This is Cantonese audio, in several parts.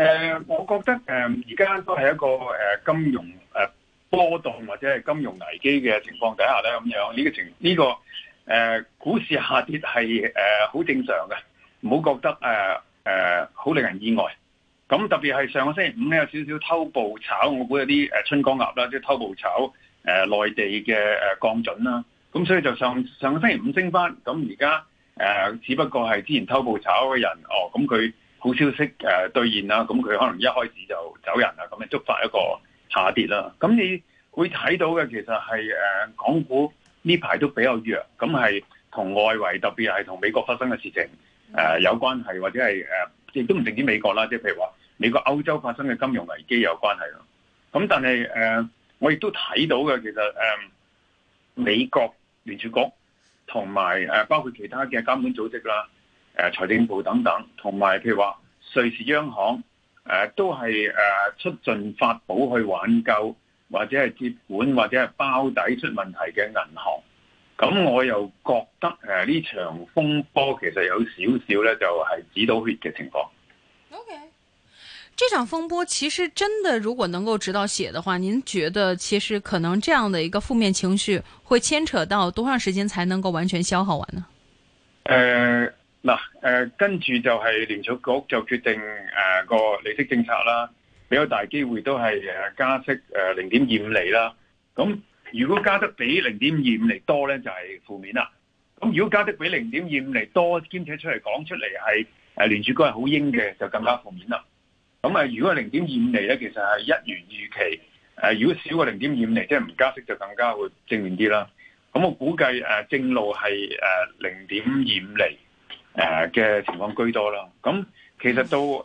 誒、呃，我覺得誒，而、呃、家都係一個誒、呃、金融誒、呃、波動或者係金融危機嘅情況底下咧，咁樣呢、這個情呢個誒股市下跌係誒好正常嘅，唔好覺得誒誒好令人意外。咁特別係上個星期五咧有少少偷步炒，我估有啲誒春江鴨啦，即係偷步炒誒內、呃、地嘅誒降準啦。咁所以就上上個星期五升返，咁而家誒只不過係之前偷步炒嘅人哦，咁佢。好消息誒兌現啦，咁佢可能一開始就走人啦，咁樣觸發一個下跌啦。咁你會睇到嘅其實係誒港股呢排都比較弱，咁係同外圍特別係同美國發生嘅事情誒有關係，或者係誒亦都唔淨止美國啦，即係譬如話美國、歐洲發生嘅金融危機有關係咯。咁但係誒，我亦都睇到嘅其實誒美國聯儲局同埋誒包括其他嘅監管組織啦。誒、啊，財政部等等，同埋譬如話瑞士央行誒、啊，都係誒、啊、出盡法寶去挽救，或者係接管，或者係包底出問題嘅銀行。咁我又覺得誒呢、啊、場風波其實有少少咧，就係、是、止到血嘅情況。OK，這場風波其實真的如果能夠止到血嘅話，您覺得其實可能這樣的一個負面情緒會牽扯到多長時間才能夠完全消耗完呢？誒、呃。嗱、啊，誒、啊，跟住就係聯儲局就決定誒、啊、個利息政策啦，比較大機會都係誒加息誒零點二五厘啦。咁如果加得比零點二五厘多咧，就係、是、負面啦。咁如果加得比零點二五厘多，兼且出嚟講出嚟係誒聯儲局係好鷹嘅，就更加負面啦。咁啊，如果係零點二五厘咧，其實係一如預期。誒，如果少過零點二五厘，即係唔加息，就更加會正面啲啦。咁我估計誒、啊、正路係誒零點二五厘。啊誒、呃、嘅情況居多啦，咁其實到誒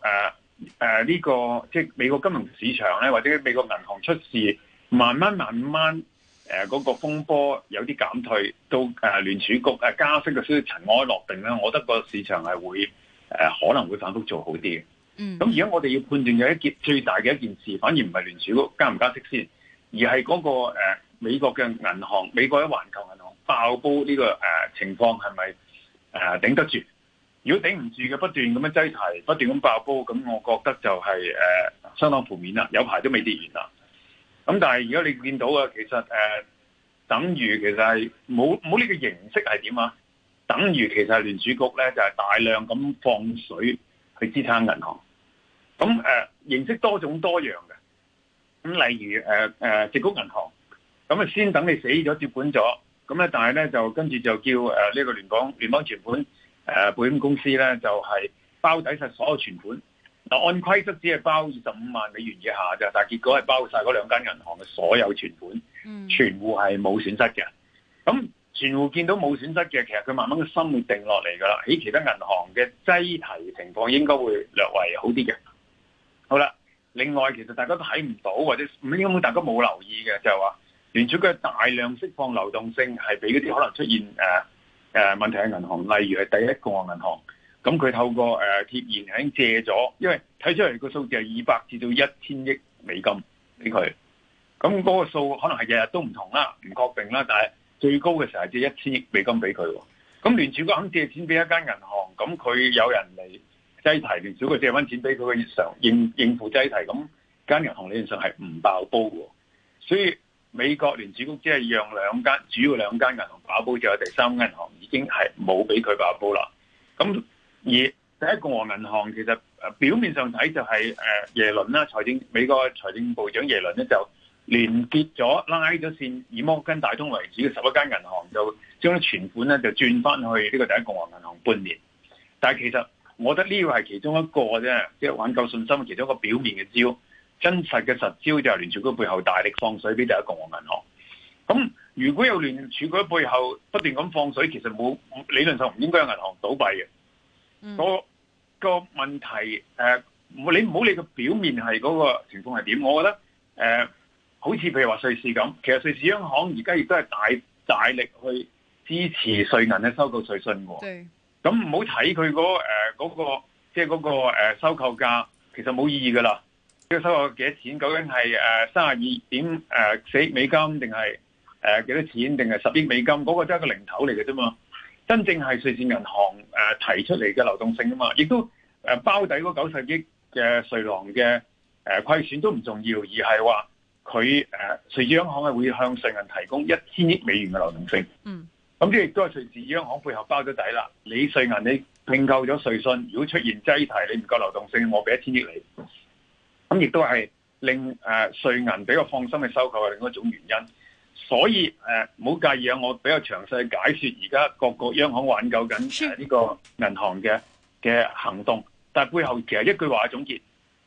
誒呢個即係美國金融市場咧，或者美國銀行出事，慢慢慢慢誒嗰、呃那個風波有啲減退，到誒聯儲局誒加息嘅少少塵埃落定咧，我覺得個市場係會誒、呃、可能會反覆做好啲嘅。嗯，咁而家我哋要判斷有一件最大嘅一件事，反而唔係聯儲局加唔加息先，而係嗰、那個誒、呃、美國嘅銀行，美國嘅環球銀行爆煲呢、這個誒、呃、情況係咪誒頂得住？如果頂唔住嘅，不斷咁樣擠提，不斷咁爆煲，咁我覺得就係、是、誒、呃，相當負面啦。有排都未跌完啦。咁但係而家你見到嘅其實誒、呃，等於其實係冇冇呢個形式係點啊？等於其實聯儲局咧就係、是、大量咁放水去支撐銀行。咁誒、呃、形式多種多樣嘅。咁例如誒誒、呃、直谷銀行，咁啊先等你死咗接管咗，咁咧但係咧就跟住就叫誒呢、呃這個聯邦聯邦存款。誒，保險公司咧就係包底晒所，所有存款。嗱，按規則只係包二十五萬美元以下啫，但係結果係包晒嗰兩間銀行嘅所有存款。全戶係冇損失嘅。咁全戶見到冇損失嘅，其實佢慢慢嘅心會定落嚟㗎啦。喺其他銀行嘅擠提情況應該會略為好啲嘅。好啦，另外其實大家都睇唔到或者唔知點解大家冇留意嘅，就係、是、話，聯儲嘅大量釋放流動性係俾嗰啲可能出現、呃誒問題係銀行，例如係第一個銀行，咁佢透過誒、呃、貼現已經借咗，因為睇出嚟個數字係二百至到一千億美金俾佢，咁嗰個數可能係日日都唔同啦，唔確定啦，但係最高嘅時候借一千億美金俾佢，咁聯儲局肯借錢俾一間銀行，咁佢有人嚟擠提，聯儲局借翻錢俾佢嘅日常應應付擠提，咁間銀行理論上係唔爆煲喎，所以。美國聯儲局只係讓兩間主要兩間銀行把保，就有第三間銀行已經係冇俾佢保保啦。咁而第一共和銀行其實表面上睇就係耶倫啦，財政美國財政部長耶倫咧就連結咗拉咗線，以摩根大通為主嘅十一間銀行就將啲存款咧就轉翻去呢個第一共和銀行半年。但係其實我覺得呢個係其中一個啫，即係挽救信心其中一個表面嘅招。真實嘅實招就係聯儲局背後大力放水俾第一共和銀行。咁如果有聯儲局背後不斷咁放水，其實冇理論上唔應該有銀行倒閉嘅。嗰個問題，誒、嗯呃，你唔好理個表面係嗰個情況係點。我覺得誒、呃，好似譬如話瑞士咁，其實瑞士央行而家亦都係大大力去支持瑞銀嘅收購瑞信，的那麼不要看的。對、呃。咁唔好睇佢嗰誒個，即係嗰個、呃、收購價，其實冇意義噶啦。呢收咗幾多錢？究竟係誒卅二點誒四億美金，定係誒幾多錢？定係十億美金？嗰、那個真係個零頭嚟嘅啫嘛。真正係瑞士銀行誒提出嚟嘅流動性啊嘛，亦都誒包底嗰九十億嘅瑞郎嘅誒虧損都唔重要，而係話佢誒瑞士央行係會向瑞銀提供一千億美元嘅流動性。嗯，咁呢亦都係瑞士央行背後包咗底啦。你瑞銀你併購咗瑞信，如果出現擠提，你唔夠流動性，我俾一千億你。亦都係令誒瑞銀比較放心去收購嘅另一種原因，所以誒唔好介意啊！我比較詳細解説而家各個央行挽救緊呢個銀行嘅嘅行動，但係背後其實一句話嘅總結，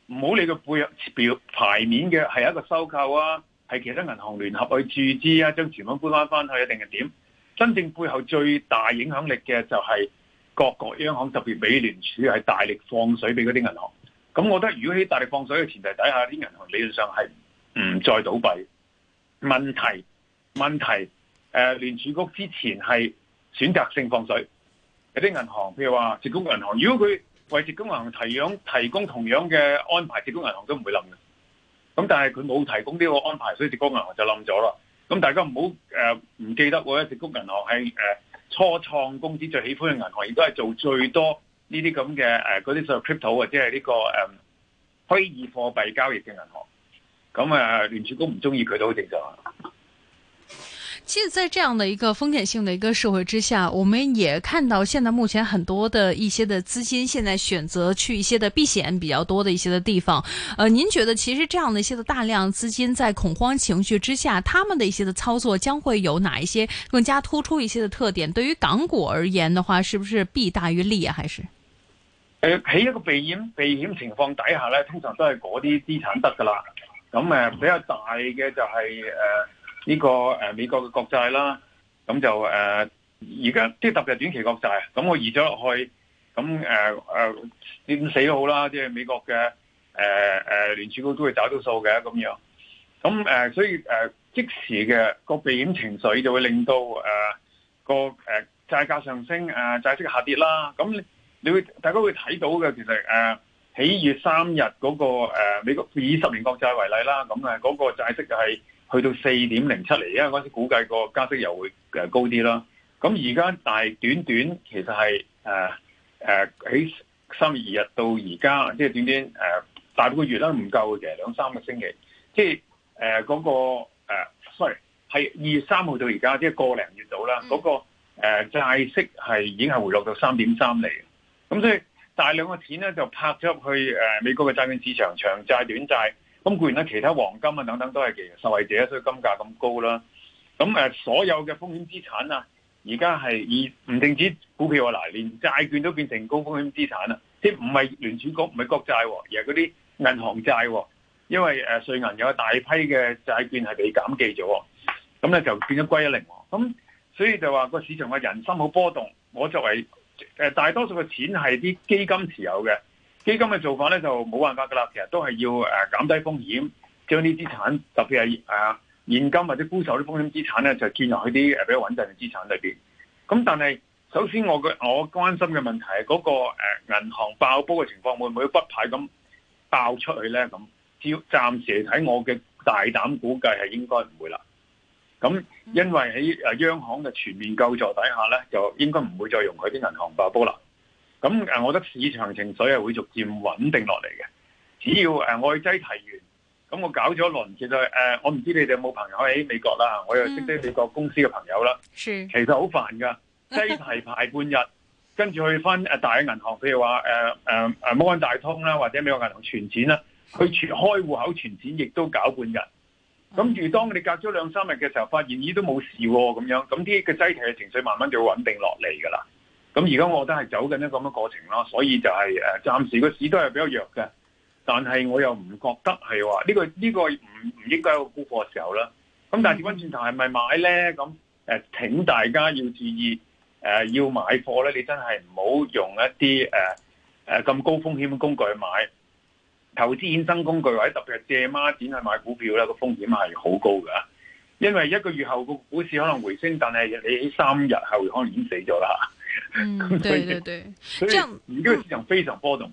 唔好理個背後表排面嘅係一個收購啊，係其他銀行聯合去注資啊，將存款搬翻翻去一定係點？真正背後最大影響力嘅就係各個央行，特別美聯儲係大力放水俾嗰啲銀行。咁我覺得，如果喺大力放水嘅前提底下，啲銀行理論上係唔再倒閉。問題問題，連、呃、聯儲局之前係選擇性放水，有啲銀行譬如話直工銀行，如果佢為直工銀行提供提供同樣嘅安排，直工銀行都唔會冧嘅。咁但係佢冇提供呢個安排，所以直工銀行就冧咗啦。咁大家唔好唔記得喎，直工銀行係、呃、初創公司最喜歡嘅銀行，亦都係做最多。呢啲咁嘅誒，嗰啲所謂 crypto 啊，即係呢個誒虛擬貨幣交易嘅銀行，咁啊聯儲局唔中意佢都好正常。其實在這樣的一個風險性嘅一個社會之下，我們也看到現在目前很多的一些嘅資金，現在選擇去一些的避險比較多的一些的地方。呃，您覺得其實這樣的一些的大量資金在恐慌情緒之下，他們的一些的操作將會有哪一些更加突出一些嘅特點？對於港股而言的話，是不是弊大於利啊？還是？誒、呃，喺一個避險避險情況底下咧，通常都係嗰啲資產得噶啦。咁誒，比較大嘅就係誒呢個誒、呃、美國嘅國債啦。咁就誒而家啲特別短期國債，咁我移咗落去，咁誒誒點死都好啦，即係美國嘅誒誒聯儲局都會找到數嘅咁樣。咁誒，所以誒、呃、即時嘅個避險情緒就會令到誒、呃、個誒債價上升，誒債息下跌啦。咁。你會大家會睇到嘅，其實誒，喺、啊、二月三日嗰、那個誒、啊，美國以十年國債為例啦，咁啊，嗰、那個債息就係去到四點零七厘，因為嗰陣時候估計個加息又會誒高啲啦。咁而家但係短短其實係誒誒，喺三月二日到而家，即、就、係、是、短短誒、啊、大半個月啦，唔夠嘅，兩三個星期，即係誒嗰個誒、啊，sorry，係二月三號到而家，即、就、係、是、個零月度啦，嗰、那個誒債、啊、息係已經係回落到三點三厘。咁所以大量嘅錢咧就拍咗入去誒美國嘅債券市場，長債短債。咁固然咧，其他黃金啊等等都係其實受惠者，所以金價咁高啦。咁誒，所有嘅風險資產啊，而家係以唔淨止股票啊，嗱，連債券都變成高風險資產啊，即係唔係聯儲局唔係國債，而係嗰啲銀行債，因為誒瑞銀有一大批嘅債券係被減記咗，咁咧就變咗歸一零。咁所以就話個市場嘅人心好波動。我作為誒大多數嘅錢係啲基金持有嘅，基金嘅做法咧就冇辦法㗎啦。其實都係要誒減低風險，將啲資產特別係誒現金或者沽售啲風險資產咧，就建入去啲誒比較穩陣嘅資產裏面。咁但係首先我嘅我關心嘅問題係嗰個銀行爆煲嘅情況會唔會骨牌咁爆出去咧？咁暫時嚟睇，我嘅大膽估計係應該唔會啦。咁，因為喺央行嘅全面救助底下咧，就應該唔會再容許啲銀行爆煲啦。咁我覺得市場情緒係會逐漸穩定落嚟嘅。只要誒我去擠提完，咁我搞咗輪，其、呃、實我唔知你哋有冇朋友喺美國啦，我又識啲美國公司嘅朋友啦、嗯，其實好煩噶，擠提排半日，跟 住去翻誒大銀行，譬如話誒誒摩根大通啦，或者美國銀行存錢啦，佢開開戶口存錢，亦都搞半日。咁如當你隔咗兩三日嘅時候，發現咦，都冇事喎，咁樣咁啲嘅擠提嘅情緒慢慢就會穩定落嚟㗎啦。咁而家我覺得係走緊一個咁嘅過程啦，所以就係暫時個市都係比較弱嘅，但係我又唔覺得係話呢個呢個唔唔應該有沽貨嘅時候啦。咁但係轉返轉頭係咪買咧？咁請大家要注意，呃，要買貨咧，你真係唔好用一啲誒咁高風險嘅工具去買。投資衍生工具或者特別係借孖展去買股票咧，個風險係好高噶。因為一個月後個股市可能回升，但係你喺三日後可能已經死咗啦。嗯， 對對，對所以呢個、嗯、市場非常波動。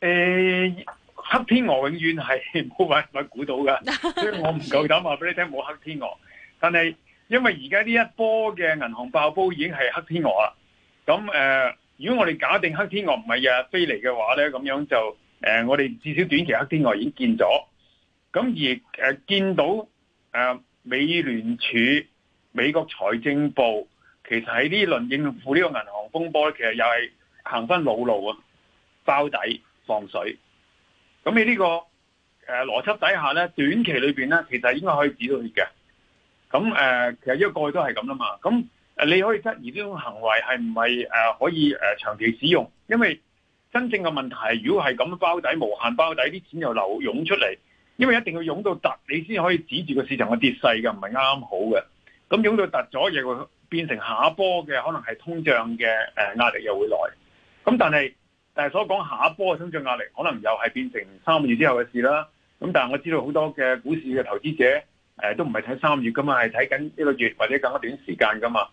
誒，黑天鵝永遠係冇辦法估到噶， 所以我唔夠膽話俾你聽冇黑天鵝。但係因為而家呢一波嘅銀行爆煲已經係黑天鵝啦。咁誒、呃，如果我哋假定黑天鵝唔係日日飛嚟嘅話咧，咁樣就誒、呃，我哋至少短期黑天鵝已經見咗。咁而誒、呃、見到誒、呃、美聯儲、美國財政部，其實喺呢輪應付呢個銀行風波咧，其實又係行翻老路啊，包底。放水，咁你呢個誒邏輯底下咧，短期裏邊咧，其實應該可以止到跌嘅。咁誒、呃，其實一個過去都係咁啦嘛。咁誒，你可以質疑呢種行為係唔係誒可以誒長期使用？因為真正嘅問題係，如果係咁包底無限包底，啲錢又流湧出嚟，因為一定要湧到突，你先可以止住個市場嘅跌勢嘅，唔係啱啱好嘅。咁湧到突咗，又會變成下波嘅可能係通脹嘅誒壓力又會來。咁但係。但係所講下一波嘅通脹壓力，可能又係變成三個月之後嘅事啦。咁但係我知道好多嘅股市嘅投資者，誒都唔係睇三個月㗎嘛，係睇緊一個月或者更加短時間㗎嘛。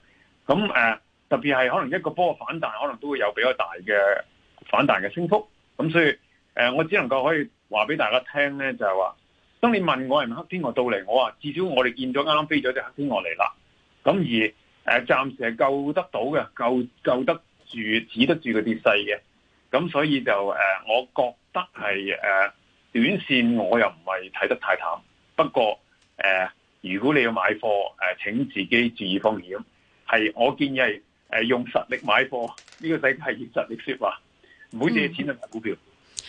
咁誒特別係可能一個波嘅反彈，可能都會有比較大嘅反彈嘅升幅。咁所以誒，我只能夠可以話俾大家聽咧，就係話當你問我係咪黑天鵝到嚟，我話至少我哋見咗啱啱飛咗隻黑天鵝嚟啦。咁而誒暫時係救得到嘅，救，救得住，止得住個跌勢嘅。咁所以就誒，我覺得係誒短線，我又唔係睇得太淡。不過誒、呃，如果你要買貨誒，請自己注意風險。係我建議係誒用實力買貨，呢、這個世界係以實力説話，唔好借錢去買股票。嗯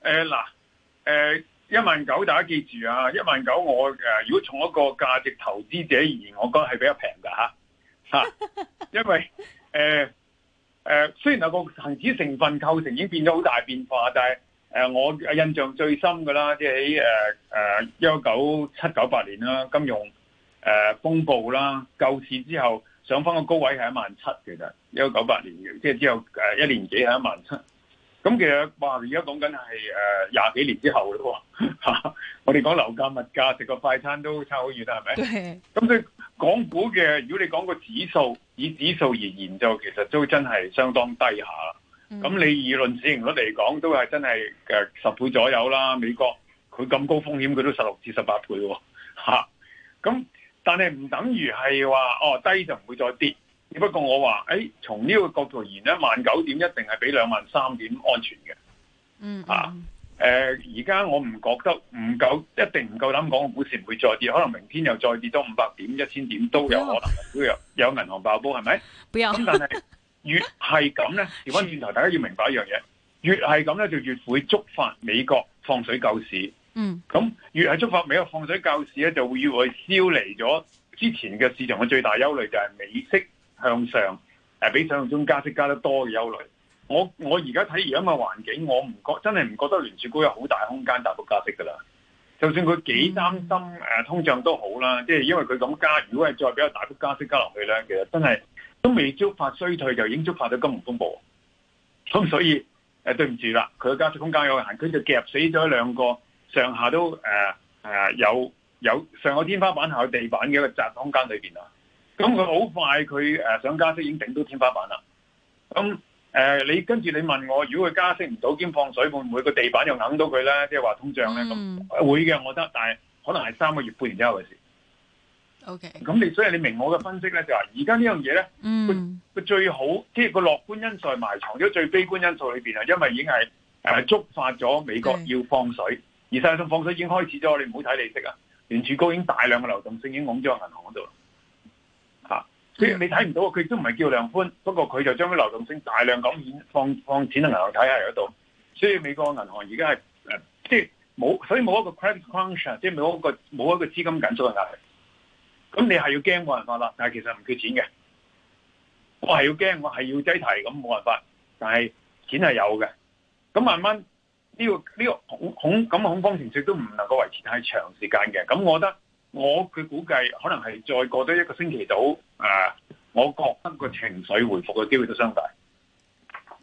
誒、呃、嗱，誒一萬九大家記住啊，一萬九我誒、呃、如果從一個價值投資者而言，我覺得係比較平噶吓吓，因為誒誒、呃呃、雖然啊個恒指成分構成已經變咗好大變化，但係誒、呃、我印象最深噶啦，即係誒誒一九七九八年啦，金融誒、呃、風暴啦，救市之後上返個高位係一萬七嘅啫，一九九八年嘅，即係之後誒一年幾係一萬七。咁其實哇，而家講緊係誒廿幾年之後咯喎，吓 我哋講樓價物價，食個快餐都差好遠啦，係咪？咁 所以港股嘅，如果你講個指數，以指數而言就其實都真係相當低下啦。咁、嗯、你議論市盈率嚟講，都係真係誒十倍左右啦。美國佢咁高風險，佢都十六至十八倍喎，吓、啊。咁但係唔等於係話哦低就唔會再跌。只不過我話，誒、哎，從呢個角度而言咧，萬九點一定係比兩萬三點安全嘅、嗯。嗯。啊，誒、呃，而家我唔覺得唔夠，一定唔夠膽講股市唔會再跌，可能明天又再跌多五百點、一千點都有可能有，都有有銀行爆煲，係咪？唔有。咁、嗯、但係越係咁咧，調翻轉頭，大家要明白一樣嘢，越係咁咧，就越會觸發美國放水救市。嗯。咁、嗯嗯、越係觸發美國放水救市咧，就會越我消離咗之前嘅市場嘅最大憂慮，就係、是、美息。向上誒，比想象中加息加得多嘅憂慮。我我而家睇而家嘅環境，我唔覺真係唔覺得聯儲局有好大空間大幅加息㗎啦。就算佢幾擔心誒通脹都好啦，即係因為佢咁加，如果係再比較大幅加息加落去咧，其實真係都未觸發衰退就已經觸發咗金融風暴。咁所以誒，對唔住啦，佢嘅加息空間有限，佢就夾死咗兩個上下都誒係、呃呃、有有上有天花板、下有地板嘅一個窄空間裏邊啦。咁佢好快，佢誒想加息已經頂到天花板啦。咁誒、呃，你跟住你問我，如果佢加息唔到，兼放水會唔會個地板又硬到佢咧？即係話通脹咧，咁、嗯、會嘅，我覺得。但係可能係三個月、半年之後嘅事。O、okay, K。咁你所以你明我嘅分析咧，就話而家呢樣嘢咧，佢、嗯、佢最好即係個樂觀因素埋藏咗最悲觀因素裏面啊，因為已經係誒、啊、觸發咗美國要放水，okay. 而實際上放水已經開始咗。你唔好睇利息啊，聯儲局已經大量嘅流動性已經攬咗銀行度。佢你睇唔到，佢都唔係叫量寬，不過佢就將啲流動性大量講演，放放錢喺銀行睇下，嗰度，所以美國銀行而家係誒，即係冇，所以冇一個 credit crunch 即係冇一個冇一個資金緊縮嘅壓力。咁你係要驚冇辦法啦，但係其實唔缺錢嘅。我係要驚，我係要擠提，咁冇辦法。但係錢係有嘅。咁慢慢呢、呢個呢、呢個恐咁恐，恐慌情緒都唔能夠維持太長時間嘅。咁我覺得。我佢估計可能係再過多一個星期度，誒，我覺得個情緒回復嘅機會都相大。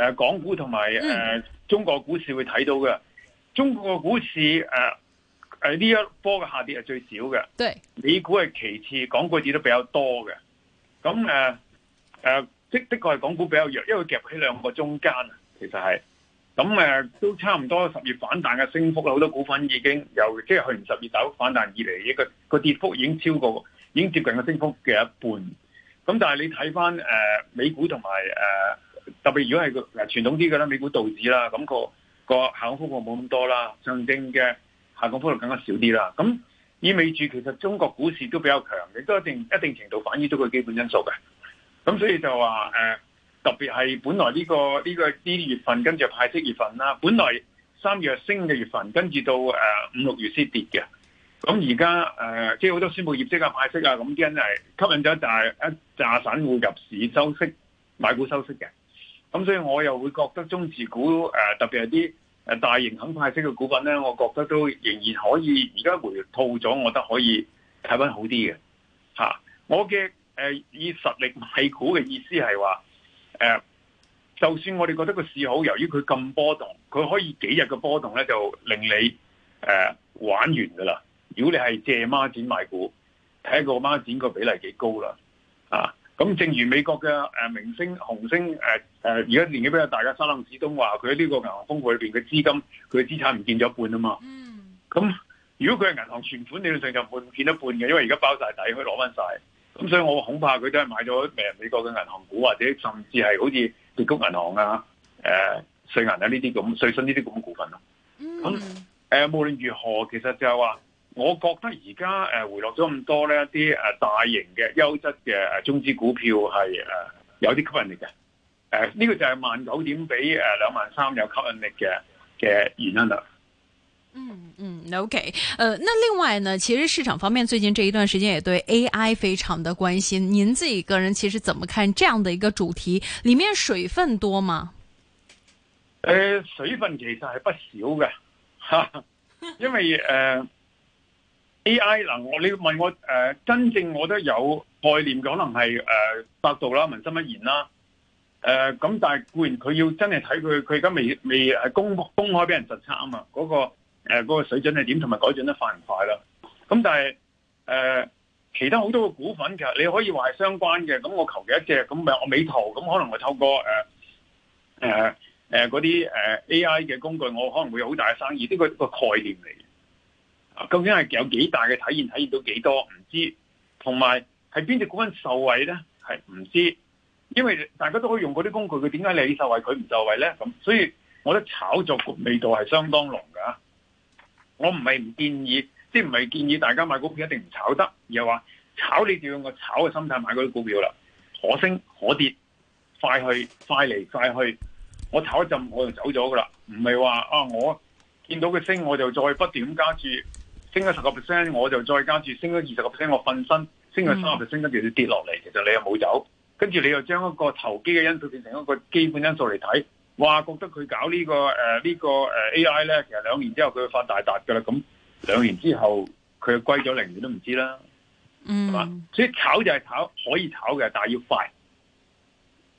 誒、啊，港股同埋誒，中國股市會睇到嘅。中國嘅股市誒誒呢一波嘅下跌係最少嘅。對，美股係其次，港股跌得比較多嘅。咁誒誒，的的確係港股比較弱，因為夾喺兩個中間啊。其實係，咁誒、啊、都差唔多十月反彈嘅升幅啦，好多股份已經由即係去年十月走反彈以嚟，一個個跌幅已經超過，已經接近個升幅嘅一半。咁但係你睇翻誒美股同埋誒。啊特別如果係嗱傳統啲嘅咧，美股道指啦，咁個個下降幅度冇咁多啦，上證嘅下降幅度更加少啲啦。咁意味住，其實中國股市都比較強，亦都一定一定程度反映咗佢基本因素嘅。咁所以就話誒、呃，特別係本來呢個呢個二月份跟住派息月份啦，本來三月升嘅月份，跟住到誒五六月先跌嘅。咁而家誒，即係好多宣布業績啊派息啊，咁啲人係吸引咗就係一紮散戶入市收息買股收息嘅。咁所以我又會覺得中資股誒、呃，特別係啲大型肯派息嘅股份咧，我覺得都仍然可以。而家回吐咗，我覺得可以睇翻好啲嘅、啊、我嘅誒、呃、以實力買股嘅意思係話誒，就算我哋覺得個市好，由於佢咁波動，佢可以幾日嘅波動咧，就令你誒、啊、玩完噶啦。如果你係借孖展買股，睇下個孖展個比例幾高啦啊！咁正如美國嘅明星紅星誒、而家年紀比較大嘅三朗子東話，佢喺呢個銀行風暴裏面嘅資金佢嘅資產，唔見咗一半啊嘛。嗯。咁如果佢係銀行存款，理論上就見半見一半嘅，因為而家包晒底，佢攞翻曬。咁所以我恐怕佢都係買咗未？美國嘅銀行股，或者甚至係好似列谷銀行啊，誒瑞銀啊呢啲咁，瑞信呢啲咁嘅股份咯。咁無論如何，其實就係話。我覺得而家誒，回落咗咁多呢一啲誒大型嘅優質嘅中資股票係誒有啲吸引力嘅。誒、呃、呢、個就係萬九點比誒兩萬三有吸引力嘅嘅原因啦。嗯嗯，OK，誒、呃，那另外呢，其實市場方面最近這一段時間也對 AI 非常的關心。您自己個人其實怎麼看這樣的一個主題？裏面水分多嗎？誒、呃，水分其實係不少嘅， 因為誒。呃 A.I. 嗱，我你問我誒、呃，真正我都有概念嘅，可能係誒、呃、百度啦、文心一言啦，誒、呃、咁但係固然佢要真係睇佢，佢而家未未誒公公開俾人實測啊嘛，嗰、那個誒、呃那個水準係點同埋改進得快唔快啦？咁但係誒、呃、其他好多嘅股份其實你可以話係相關嘅，咁我求其一隻，咁咪我美圖咁，可能我透過誒誒誒嗰啲誒 A.I. 嘅工具，我可能會有好大嘅生意，呢個個概念嚟。究竟係有幾大嘅體驗，體驗到幾多唔知，同埋係邊隻股份受惠咧？係唔知，因為大家都可以用嗰啲工具，佢點解你受惠，佢唔受惠咧？咁所以，我覺得炒作味道係相當濃噶。我唔係唔建議，即係唔係建議大家買股票一定唔炒得，而係話炒你就要用個炒嘅心態買嗰啲股票啦，可升可跌，快去快嚟快去，我炒一陣我就走咗噶啦，唔係話啊我見到佢升我就再不斷咁加注。升咗十個 percent，我就再加住升咗二十個 percent，我瞓身升咗三十 percent，跟住跌落嚟，其實你又冇走，跟住你又將一個投機嘅因素變成一個基本因素嚟睇，哇，覺得佢搞、呢個呃呢個、AI 呢個誒呢個誒 AI 咧，其實兩年之後佢會發大達噶啦，咁兩年之後佢就歸咗零，你都唔知啦，嗯、係嘛？所以炒就係炒，可以炒嘅，但係要快。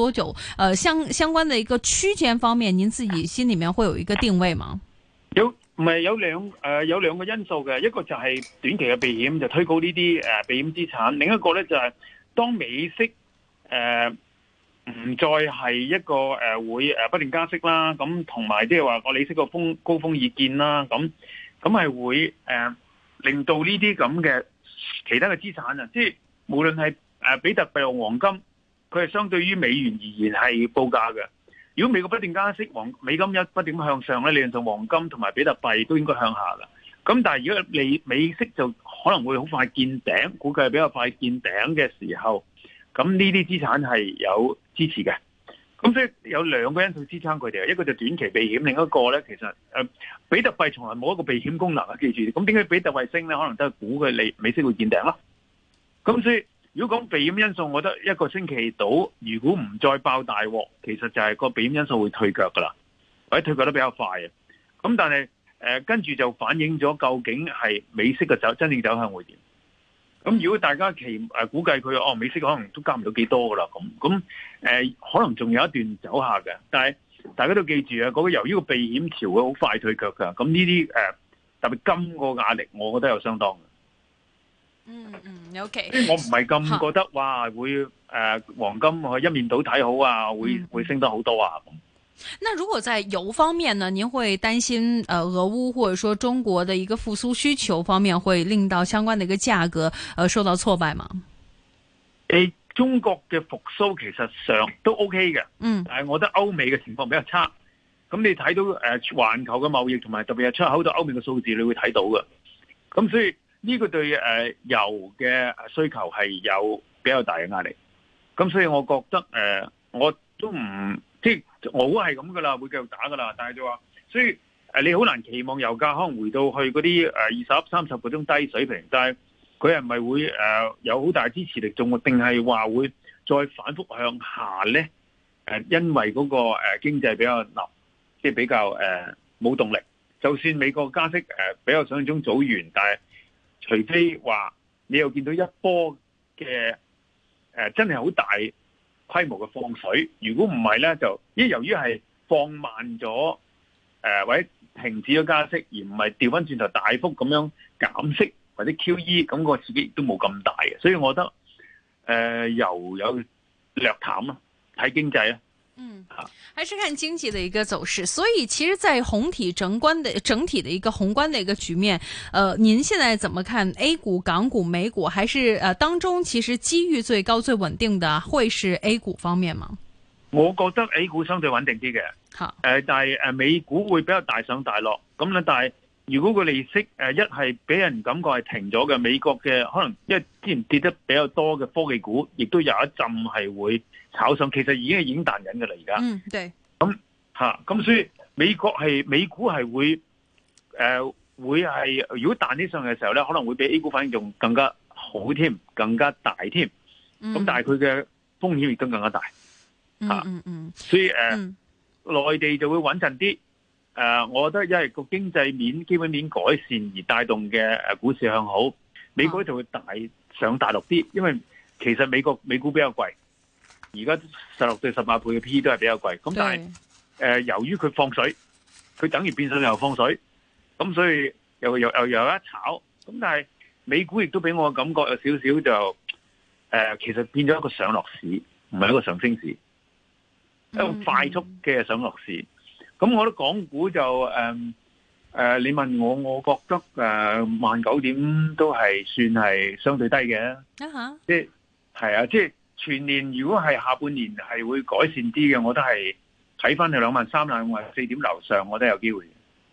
多久？誒、呃，相相關的一個區間方面，您自己心裏面會有一個定位嗎？有唔係有兩誒，有兩、呃、個因素嘅，一個就係短期嘅避險，就推高呢啲誒避險資產；另一個咧就係、是、當美息誒唔再係一個誒、呃、會誒不斷加息啦，咁同埋即係話個利息個高峰已見啦，咁咁係會誒、呃、令到呢啲咁嘅其他嘅資產啊，即係無論係誒比特幣或黃金。佢係相對於美元而言係報價嘅。如果美國不斷加息黃，黃美金一不斷向上咧，理論上黃金同埋比特幣都應該向下嘅。咁但係如果你美美息就可能會好快見頂，估計比較快見頂嘅時候，咁呢啲資產係有支持嘅。咁所以有兩個因素支持佢哋，一個就短期避險，另一個咧其實誒、呃、比特幣從來冇一個避險功能啊，記住。咁點解比特幣升咧？可能都係估佢美美息會見頂咯。咁所以。如果講避險因素，我覺得一個星期到，如果唔再爆大鑊，其實就係個避險因素會退腳噶啦，或者退腳得比較快。咁但係誒，跟住就反映咗究竟係美息嘅走真正走向會點？咁如果大家期誒估計佢哦，美息可能都加唔到幾多噶啦，咁咁誒，可能仲有一段走下嘅。但係大家都記住啊，嗰個由於個避險潮會好快退腳㗎。咁呢啲誒，特別金個壓力，我覺得有相當。嗯嗯 ，OK。我唔係咁覺得哇，會誒、呃、黃金去一面倒睇好啊，會、嗯、會升得好多啊。咁，那如果在油方面呢？您會擔心誒、呃，俄烏或者說中國的一個復蘇需求方面，會令到相關的一個價格誒、呃、受到挫敗嗎？誒，中國嘅復蘇其實上都 OK 嘅，嗯。但、呃、係我覺得歐美嘅情況比較差。咁、嗯、你睇到誒環、呃、球嘅貿易同埋特別係出口到歐美嘅數字，你會睇到嘅。咁所以。呢、這個對誒油嘅需求係有比較大嘅壓力，咁所以我覺得誒，我都唔即係我會係咁噶啦，會繼續打噶啦。但係就話，所以誒你好難期望油價可能回到去嗰啲誒二十、三十個鐘低水平，但係佢係咪會誒有好大支持力，仲定係話會再反覆向下咧？誒，因為嗰個誒經濟比較落，即係比較誒冇動力。就算美國加息誒比較想象中早完，但係。除非話你又見到一波嘅、呃、真係好大規模嘅放水，如果唔係咧，就因為由於係放慢咗誒、呃、或者停止咗加息，而唔係調翻轉頭大幅咁樣減息或者 QE，咁個刺激都冇咁大嘅，所以我覺得誒又、呃、有略淡咯，睇經濟啊。嗯，好，還是看經濟的一個走勢。所以，其實，在宏體整觀的、整體的一個宏觀的一個局面，呃，您現在怎麼看 A 股、港股、美股？還是呃，當中其實機遇最高、最穩定的，會是 A 股方面嗎？我覺得 A 股相對穩定啲嘅，好，誒、呃，但係誒，美股會比較大上大落，咁呢，但係。如果個利息誒一係俾人感覺係停咗嘅，美國嘅可能因為之前跌得比較多嘅科技股，亦都有一陣係會炒上，其實已經係已經彈緊㗎啦，而家。嗯，對。咁、嗯、嚇，咁、啊、所以美國係美股係會誒、呃、會係如果彈啲上嘅時候咧，可能會比 A 股反應仲更加好添，更加大添。咁但係佢嘅風險亦都更加大。嗯大、啊、嗯嗯、嗯。所以誒、呃嗯，內地就會穩陣啲。誒，我覺得因為個經濟面、基本面改善而帶動嘅誒股市向好，美股就會大上大落啲，因為其實美國美股比較貴，而家十六到十八倍嘅 P 都係比較貴，咁但係誒由於佢放水，佢等於變相又放水，咁所以又又又又一炒，咁但係美股亦都俾我感覺有少少就誒，其實變咗一個上落市，唔係一個上升市，一個快速嘅上落市。咁我覺得港股就誒、嗯呃、你問我，我覺得誒萬九點都係算係相對低嘅。Uh-huh. 即係啊，即係全年如果係下半年係會改善啲嘅，我都係睇翻去兩萬三、兩萬四點樓上，我都有機會。